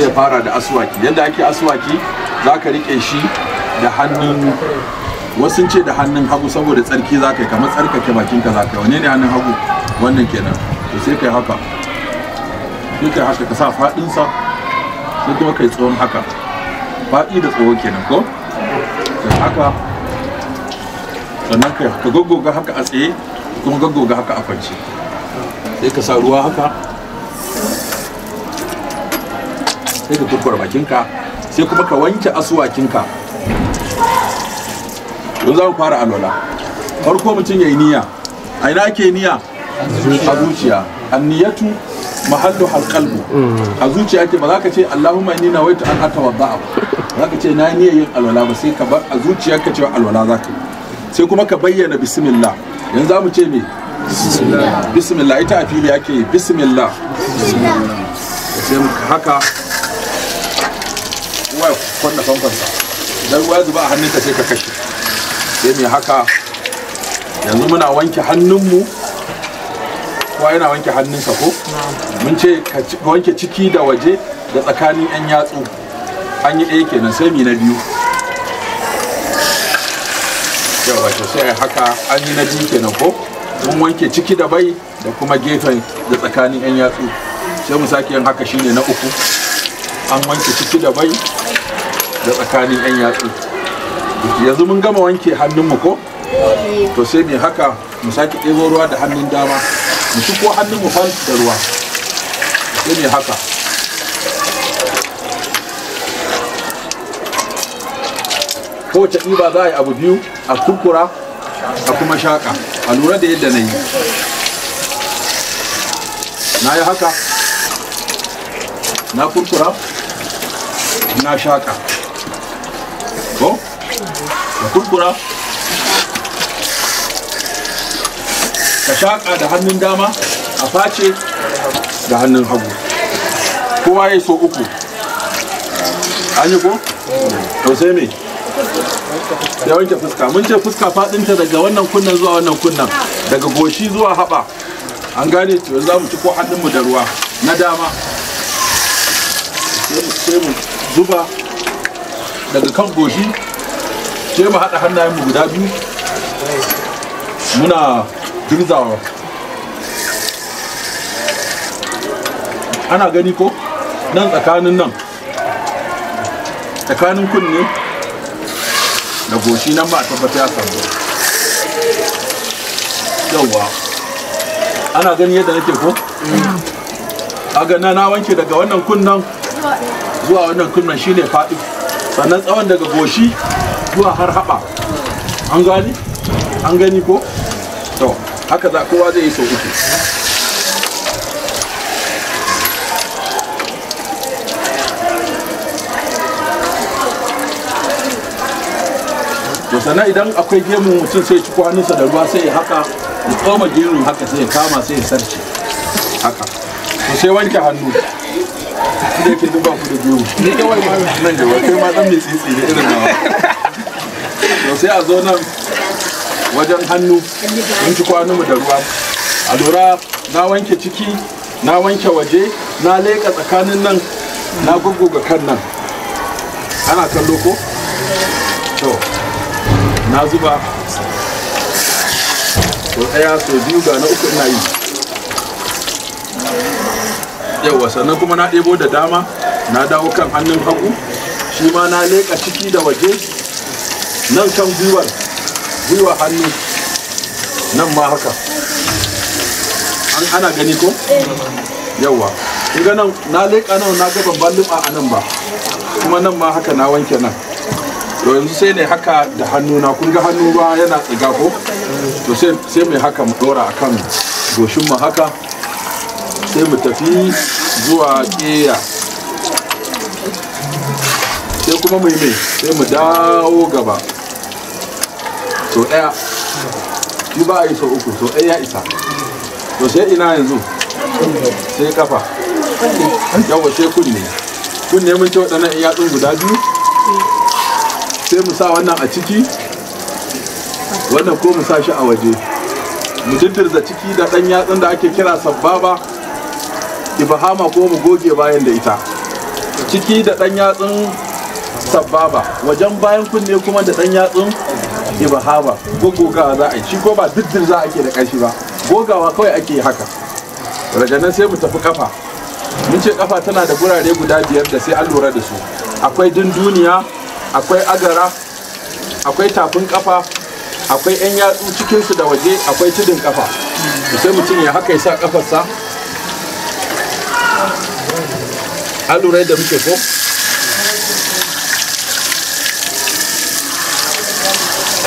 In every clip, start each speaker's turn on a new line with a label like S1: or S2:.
S1: zai fara da aswaki yadda ake aswaki za ka riƙe shi da hannun wasu ce da hannun hagu saboda tsarki za ka yi kamar tsarkake bakinka za ka yi wane ne hannun hagu wannan kenan to sai ka yi haka sai ka yi haka ka sa faɗinsa sai kuma ka yi tsohon haka faɗi da tsoho kenan ko sai haka sannan ka gaggoga haka a tsaye kuma gaggoga haka a kwance sai ka sa ruwa haka sai ka kurkura bakinka sai kuma ka wanke asuwakinka don za mu fara alwala farko mutum ya yi niyya a ina ake niyya a zuciya anniyatu mahallu halqalbu a zuciya ke ba za ka ce allahumma inni nawaitu an atawadda'a za ka ce na niyyar yin alwala ba sai ka bar a zuciya ka cewa alwala za ka sai kuma ka bayyana bismillah yanzu za mu ce me bismillah ita a fili ake bismillah sai haka kwanna famfansa idan ruwa zuba a hannunka sai ka kashe sai mai haka yanzu muna wanke hannunmu kowa yana wanke hannunsa ko mun ce ka wanke ciki da waje da tsakanin yan yatsu an yi ɗaya kenan sai mi na biyu yawa to sai haka an yi na biyu kenan ko mun wanke ciki da bai da kuma gefen da tsakanin yan yatsu sai mu sake yin haka shine na uku an wanke ciki da bai da tsakanin 'yan yatsu yanzu mun gama wanke hannunmu ko to sai mai haka mu sake ɗebo ruwa da hannun dama mu shi ko hannunmu fan da ruwa sai mai haka kowace ɗiba za a yi abu biyu a kurkura a kuma shaƙa a lura da yadda na yi na yi haka na kurkura na shaƙa da kurkura ka shaƙa da hannun dama a face da hannun hagu kowa ya so uku an yi ko? to sai me ya wanke fuska mun ce fuska faɗinta daga wannan kunnan zuwa wannan kunnan daga goshi zuwa haɓa an gane to za mu ci ko hannunmu da ruwa na dama sai mu zuba daga kan goshi sai mu haɗa hannayen mu guda biyu muna girzawa ana gani ko nan tsakanin nan tsakanin kunne da goshi nan ba a tabbata ya samu yauwa ana gani yadda nake ko a gana na wanke daga wannan kunnan zuwa wannan kunnan shine faɗi sannan tsawon daga goshi zuwa har haɓa an gani an gani ko to haka za kowa zai yi sau uku to sannan idan akwai gemu mutum sai ci kwaninsa da ruwa sai ya haka ya koma gemun haka sai ya kama sai ya sarce haka to sai wanke hannu ne ke duba ku da gemu ni kawai ma nan da wai ma dan mai tsitsi da irin nawa to sai a zo nan wajen hannu mun ci mu da ruwa a lura na wanke ciki na wanke waje na leka tsakanin nan na gugguga kan nan ana kallo ko to na zuba so ɗaya so biyu ga na uku ina yi yau sannan kuma na ɗebo da dama na dawo kan hannun hagu shi ma na leka ciki da waje nan kan gwiwar gwiwar hannu nan ma haka ana gani ko yawa ga nan na leƙa nan na gaban babban a nan ba kuma nan ma haka na wanke nan to yanzu sai ne haka da hannu na kun ga hannu ba yana tsiga ko to sai mai haka mu dora akan goshin mu haka sai mu tafi zuwa ƙeya sai kuma mai mai sai mu dawo gaba so ɗaya shi ba a yi so uku so ɗaya ya isa to sai ina yanzu sai kafa yawa sai kunne kunne mun ce waɗannan yatsun guda biyu sai mu sa wannan a ciki wannan ko mu sa shi a waje mu jiddirza ciki da ɗan yatsun da ake kira sabbaba ibahama ko mu goge bayan da ita ciki da ɗan yatsun sabbaba wajen bayan kunne kuma da ɗan yatsun ibahama gogogawa za a yi shi ko ba diddir za a ke da kashi ba gogawa kawai ake haka daga nan sai mu tafi kafa mun ce kafa tana da gurare guda biyar da sai an lura da su akwai dunduniya akwai agara akwai tafin kafa akwai yan yatsu cikinsu da waje akwai tudun kafa sai mutum ya haka ya sa kafarsa an lura da muke ko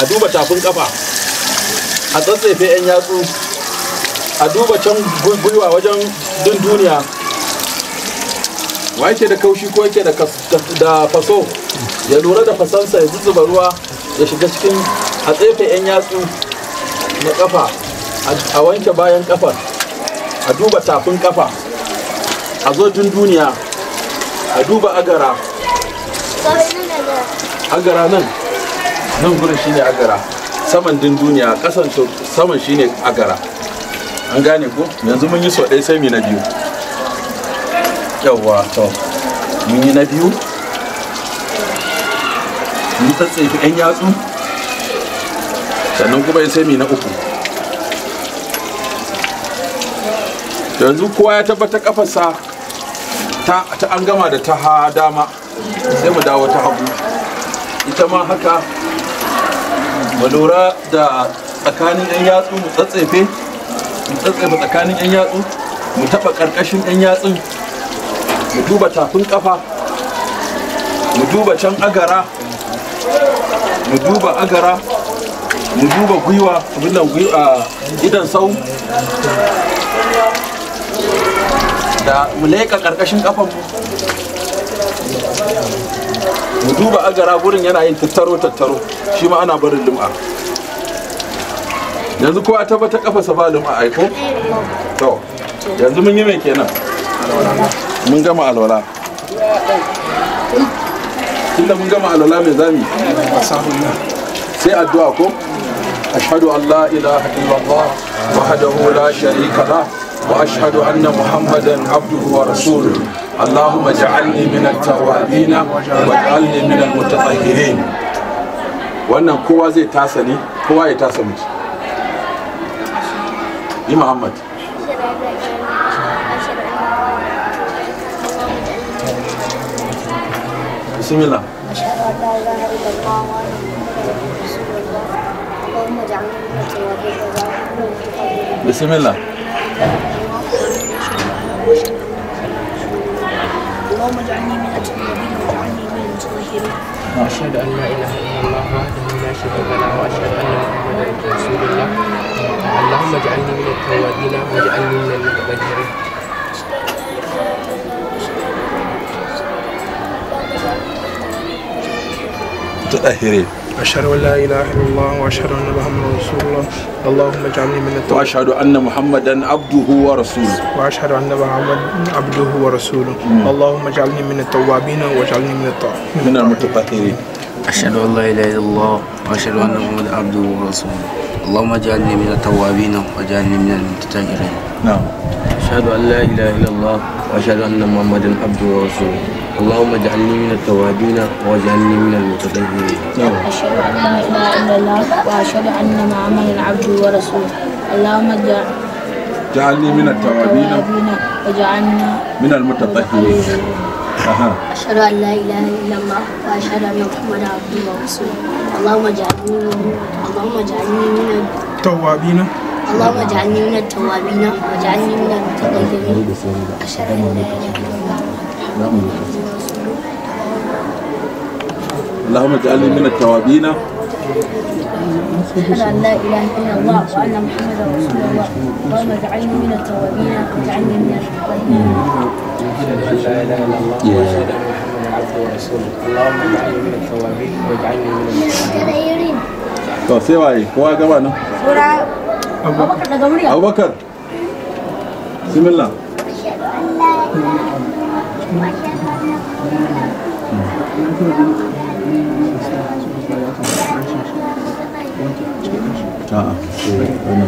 S1: a duba tafin kafa a tsatsefe 'yan yatsu a duba can gwiwa wajen din duniya wa yake da kaushi ko yake da faso ya lura da fasansa ya zuzuba ruwa ya shiga cikin a tsefe 'yan yatsu na kafa a wanke bayan kafar a duba tafin kafa a zo din duniya a duba agara agara nan nan gurin shine agara saman din duniya kasan saman shine agara an gane ko yanzu mun yi so ɗaya sai mu na biyu yawwa to mun yi na biyu mun tsatsefi ɗan yatsu sannan kuma sai mu na uku yanzu kowa ya tabbata kafarsa ta an gama da ta dama sai mu dawo ta hagu ita ma haka malura lura da tsakanin yan yatsu mu tsatsefe mu tsatsefe tsakanin yan yatsu mu taba ƙarƙashin yan yatsun mu duba tafin ƙafa mu duba can agara mu duba agara mu duba gwiwa abinnan gwiwa ah, idan sau da mu karkashin ƙarƙashin ƙafanmu mu duba agara gurin yana yin tattaro tattaro shi ma ana barin lum'a yanzu kowa ta bata kafasa ba lum'a aiko to yanzu mun yi mai kenan mun gama alwala tunda mun gama alwala mai zami sai addu'a ko ashhadu an la ilaha illallah wahdahu la sharika lah وأشهد أن محمدا عبده ورسوله اللهم اجعلني من التوابين واجعلني من المتطهرين wannan kowa zai tasa ne kowa ya tasa mutu yi muhammad bismillah bismillah اللهم اجعلني من التوابين واجعلني من المتطهرين واشهد ان لا اله الا الله وحده لا شريك له واشهد المتطهرين أشهد أن لا إله إلا الله وأشهد أن محمدا رسول الله اللهم اجعلني من التوبة وأشهد أن محمدا عبده ورسوله وأشهد أن محمدا عبده ورسوله اللهم اجعلني من التوابين واجعلني من التوابين. من المتطهرين أشهد أن لا إله إلا الله وأشهد أن محمدا عبده ورسوله اللهم اجعلني من التوابين واجعلني من المتطهرين نعم أشهد أن لا إله إلا الله وأشهد أن محمدا عبده ورسوله اللهم اجعلني من التوابين واجعلني من المتطهرين. نعم. أشهد أن لا إله إلا الله وأشهد أن محمدا عبده ورسوله. اللهم اجعلني من التوابين واجعلنا من المتطهرين. أشهد أن لا إله إلا الله وأشهد أن محمدا عبده ورسوله. اللهم اجعلني من اللهم اجعلني من التوابين اللهم اجعلني من التوابين واجعلني من المتطهرين. أشهد أن لا إله إلا الله. نعم. اللهم اجعلني من التوابين أشهد أن لا إله إلا الله وأن محمدا رسول الله اللهم اجعلني من التوابين واجعلني من التوابين أشهد أن لا إله إلا الله وأشهد أن محمدا عبده ورسوله اللهم اجعلني من التوابين واجعلني من المتطهرين to sai waye kowa gaba nan sura abubakar daga murya abubakar bismillah ashhadu an la ilaha illallah wa ashhadu anna 嗯，啊，对，不能。